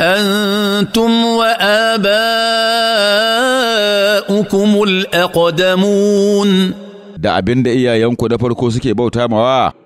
انتم واباؤكم الاقدمون da abin da iyayenku da farko suke bauta mawa